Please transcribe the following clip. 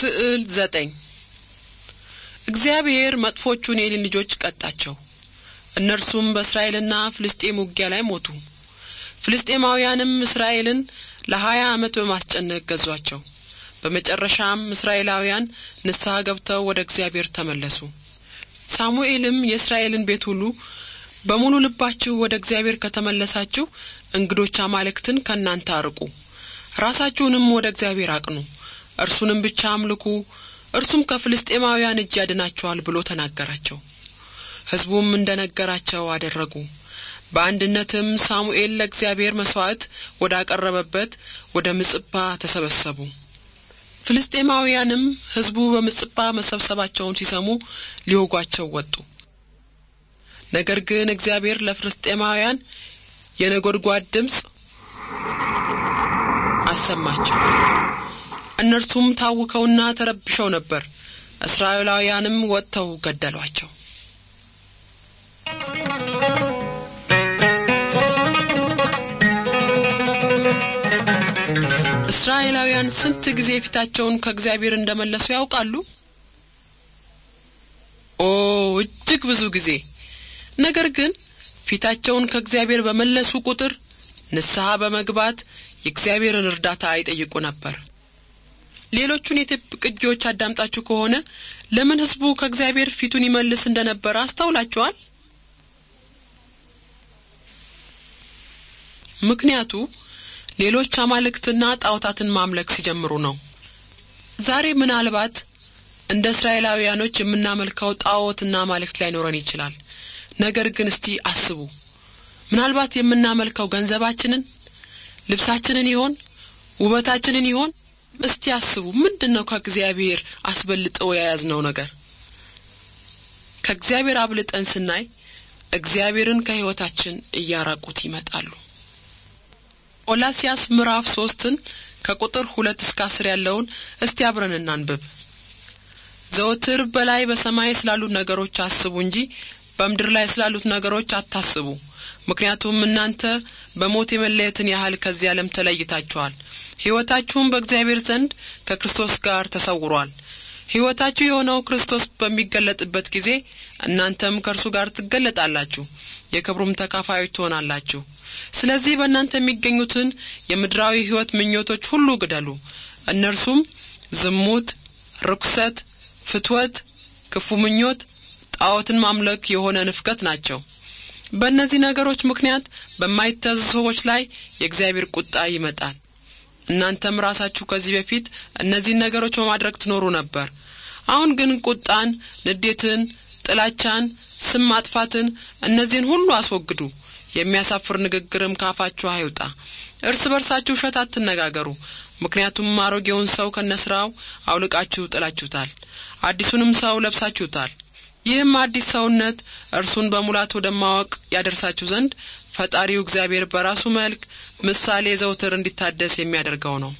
ስዕል ዘጠኝ እግዚአብሔር መጥፎቹን የኤሊን ልጆች ቀጣቸው። እነርሱም በእስራኤልና ፍልስጤም ውጊያ ላይ ሞቱ። ፍልስጤማውያንም እስራኤልን ለሀያ ዓመት በማስጨነቅ ገዟቸው። በመጨረሻም እስራኤላውያን ንስሐ ገብተው ወደ እግዚአብሔር ተመለሱ። ሳሙኤልም የእስራኤልን ቤት ሁሉ በሙሉ ልባችሁ ወደ እግዚአብሔር ከተመለሳችሁ እንግዶች አማልክትን ከእናንተ አርቁ፣ ራሳችሁንም ወደ እግዚአብሔር አቅኑ እርሱንም ብቻ አምልኩ እርሱም ከፍልስጤማውያን እጅ ያድናቸዋል ብሎ ተናገራቸው ሕዝቡም እንደ ነገራቸው አደረጉ በአንድነትም ሳሙኤል ለእግዚአብሔር መሥዋዕት ወዳቀረበበት ወደ ምጽጳ ተሰበሰቡ ፍልስጤማውያንም ሕዝቡ በምጽጳ መሰብሰባቸውን ሲሰሙ ሊወጓቸው ወጡ ነገር ግን እግዚአብሔር ለፍልስጤማውያን የነጎድጓድ ድምፅ አሰማቸው እነርሱም ታውከውና ተረብሸው ነበር። እስራኤላውያንም ወጥተው ገደሏቸው። እስራኤላውያን ስንት ጊዜ ፊታቸውን ከእግዚአብሔር እንደመለሱ ያውቃሉ? ኦ እጅግ ብዙ ጊዜ። ነገር ግን ፊታቸውን ከእግዚአብሔር በመለሱ ቁጥር ንስሐ በመግባት የእግዚአብሔርን እርዳታ አይጠይቁ ነበር። ሌሎቹን የትብ ቅጂዎች አዳምጣችሁ ከሆነ ለምን ህዝቡ ከእግዚአብሔር ፊቱን ይመልስ እንደነበረ አስተውላችኋል? ምክንያቱ ሌሎች አማልክትና ጣዖታትን ማምለክ ሲጀምሩ ነው። ዛሬ ምናልባት እንደ እስራኤላውያኖች የምናመልከው ጣዖትና አማልክት ላይኖረን ይችላል። ነገር ግን እስቲ አስቡ። ምናልባት የምናመልከው ገንዘባችንን፣ ልብሳችንን ይሆን? ውበታችንን ይሆን? እስቲ አስቡ ምንድን ነው ከእግዚአብሔር አስበልጠው የያዝነው ነገር ከእግዚአብሔር አብልጠን ስናይ እግዚአብሔርን ከህይወታችን እያራቁት ይመጣሉ ቆላሲያስ ምዕራፍ ሶስትን ከቁጥር ሁለት እስከ አስር ያለውን እስቲ አብረን እናንብብ ዘወትር በላይ በሰማይ ስላሉት ነገሮች አስቡ እንጂ በምድር ላይ ስላሉት ነገሮች አታስቡ ምክንያቱም እናንተ በሞት የመለየትን ያህል ከዚህ ዓለም ተለይታችኋል ሕይወታችሁም በእግዚአብሔር ዘንድ ከክርስቶስ ጋር ተሰውሯል። ሕይወታችሁ የሆነው ክርስቶስ በሚገለጥበት ጊዜ እናንተም ከእርሱ ጋር ትገለጣላችሁ፣ የክብሩም ተካፋዮች ትሆናላችሁ። ስለዚህ በእናንተ የሚገኙትን የምድራዊ ሕይወት ምኞቶች ሁሉ ግደሉ። እነርሱም ዝሙት፣ ርኩሰት፣ ፍትወት፣ ክፉ ምኞት፣ ጣዖትን ማምለክ የሆነ ንፍቀት ናቸው። በእነዚህ ነገሮች ምክንያት በማይታዘዙ ሰዎች ላይ የእግዚአብሔር ቁጣ ይመጣል። እናንተም ራሳችሁ ከዚህ በፊት እነዚህን ነገሮች በማድረግ ትኖሩ ነበር። አሁን ግን ቁጣን፣ ንዴትን፣ ጥላቻን፣ ስም ማጥፋትን፣ እነዚህን ሁሉ አስወግዱ። የሚያሳፍር ንግግርም ካፋችሁ አይውጣ። እርስ በርሳችሁ ውሸት አትነጋገሩ፣ ምክንያቱም አሮጌውን ሰው ከነስራው አውልቃችሁ ጥላችሁታል፣ አዲሱንም ሰው ለብሳችሁታል። ይህም አዲስ ሰውነት እርሱን በሙላት ወደ ማወቅ ያደርሳችሁ ዘንድ ፈጣሪው እግዚአብሔር በራሱ መልክ ምሳሌ ዘውትር እንዲታደስ የሚያደርገው ነው